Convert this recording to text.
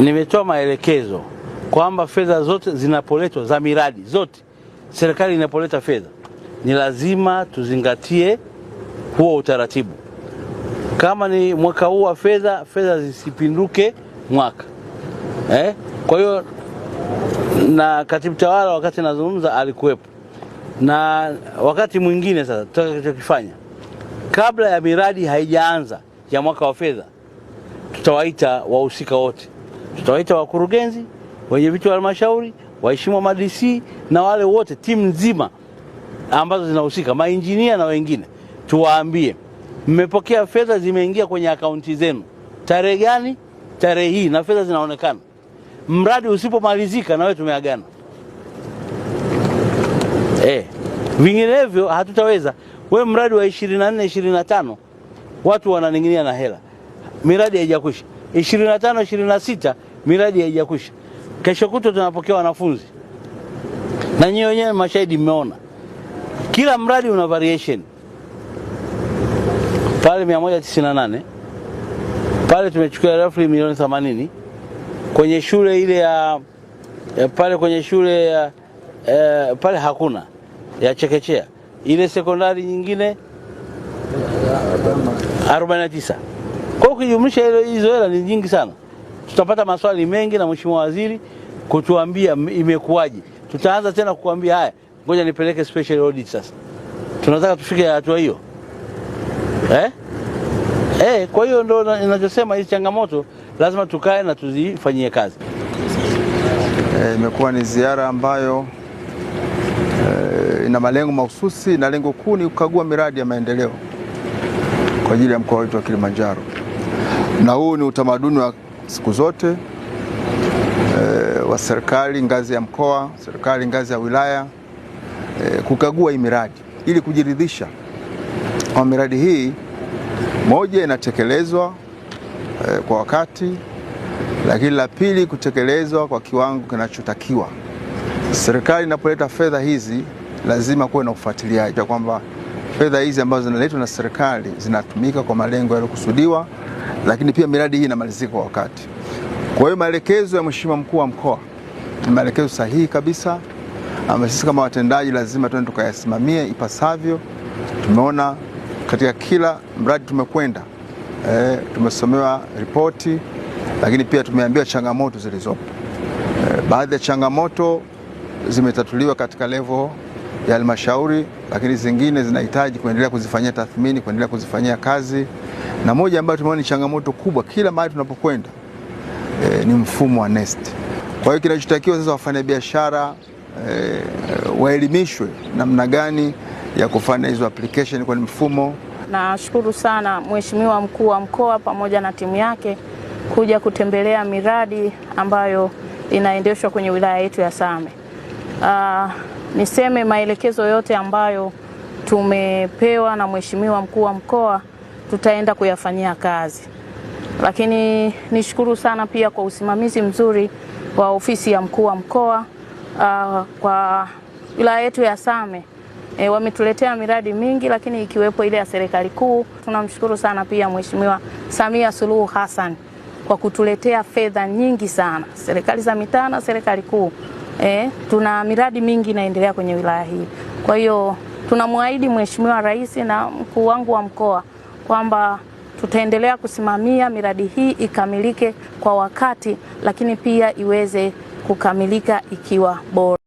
Nimetoa maelekezo kwamba fedha zote zinapoletwa za miradi zote, serikali inapoleta fedha ni lazima tuzingatie huo utaratibu. Kama ni mwaka huu wa fedha, fedha zisipinduke mwaka eh. Kwa hiyo na katibu tawala wakati nazungumza alikuwepo, na wakati mwingine sasa tutakachokifanya kabla ya miradi haijaanza ya mwaka wa fedha, tutawaita wahusika wote tutawaita wakurugenzi, wenye viti wa halmashauri, waheshimiwa madisi na wale wote, timu nzima ambazo zinahusika, mainjinia na wengine, tuwaambie mmepokea fedha, zimeingia kwenye akaunti zenu tarehe gani, tarehe hii, na fedha zinaonekana. Mradi usipomalizika, na wewe tumeagana eh, vinginevyo hatutaweza. We mradi wa 24 25 watu wananing'inia na hela, miradi haijakwisha 25 26 miradi haijakwisha. Kesho kutwa tunapokea wanafunzi, na nyinyi wenyewe mashahidi, mmeona kila mradi una variation pale 198 pale tumechukua roughly milioni 80 kwenye shule ile ya pale kwenye shule ya eh, pale hakuna ya chekechea ile sekondari nyingine 49. Kwa hiyo ukijumlisha hizo hela ni nyingi sana tutapata maswali mengi na mheshimiwa waziri kutuambia imekuwaje. Tutaanza tena kukuambia haya, ngoja nipeleke special audit. Sasa tunataka tufike hatua hiyo eh? Eh, kwa hiyo ndo ninachosema hizi changamoto lazima tukae na tuzifanyie kazi. Eh, imekuwa e, ni ziara ambayo e, ina malengo mahususi na lengo kuu ni kukagua miradi ya maendeleo kwa ajili ya mkoa wetu wa Kilimanjaro, na huu ni utamaduni wa siku zote e, wa serikali ngazi ya mkoa, serikali ngazi ya wilaya e, kukagua hii miradi ili kujiridhisha kwa miradi hii moja inatekelezwa e, kwa wakati, lakini la pili kutekelezwa kwa kiwango kinachotakiwa. Serikali inapoleta fedha hizi lazima kuwe na ufuatiliaji kwamba fedha hizi ambazo zinaletwa na serikali zinatumika kwa malengo yaliyokusudiwa lakini pia miradi hii inamalizika kwa wakati. Kwa hiyo maelekezo ya Mheshimiwa mkuu wa mkoa ni maelekezo sahihi kabisa, ambayo sisi kama watendaji lazima tuende tukayasimamie ipasavyo. Tumeona katika kila mradi tumekwenda, e, tumesomewa ripoti, lakini pia tumeambiwa changamoto zilizopo. E, baadhi ya changamoto zimetatuliwa katika level ya halmashauri, lakini zingine zinahitaji kuendelea kuzifanyia tathmini, kuendelea kuzifanyia kazi, na moja ambayo tumeona ni changamoto kubwa kila mahali tunapokwenda e, ni mfumo wa NeST. Kwa hiyo kinachotakiwa sasa wafanyabiashara e, waelimishwe namna gani ya kufanya hizo application kwenye mfumo. Nashukuru sana Mheshimiwa Mkuu wa Mkoa pamoja na timu yake kuja kutembelea miradi ambayo inaendeshwa kwenye wilaya yetu ya Same. Uh, Niseme maelekezo yote ambayo tumepewa na Mheshimiwa Mkuu wa Mkoa tutaenda kuyafanyia kazi, lakini nishukuru sana pia kwa usimamizi mzuri wa ofisi ya Mkuu wa Mkoa uh, kwa wilaya yetu ya Same. E, wametuletea miradi mingi lakini ikiwepo ile ya serikali kuu. Tunamshukuru sana pia Mheshimiwa Samia Suluhu Hassan kwa kutuletea fedha nyingi sana, serikali za mitaa na serikali kuu eh, tuna miradi mingi inaendelea kwenye wilaya hii. Kwa hiyo tunamwahidi Mheshimiwa Rais na mkuu wangu wa mkoa kwamba tutaendelea kusimamia miradi hii ikamilike kwa wakati, lakini pia iweze kukamilika ikiwa bora.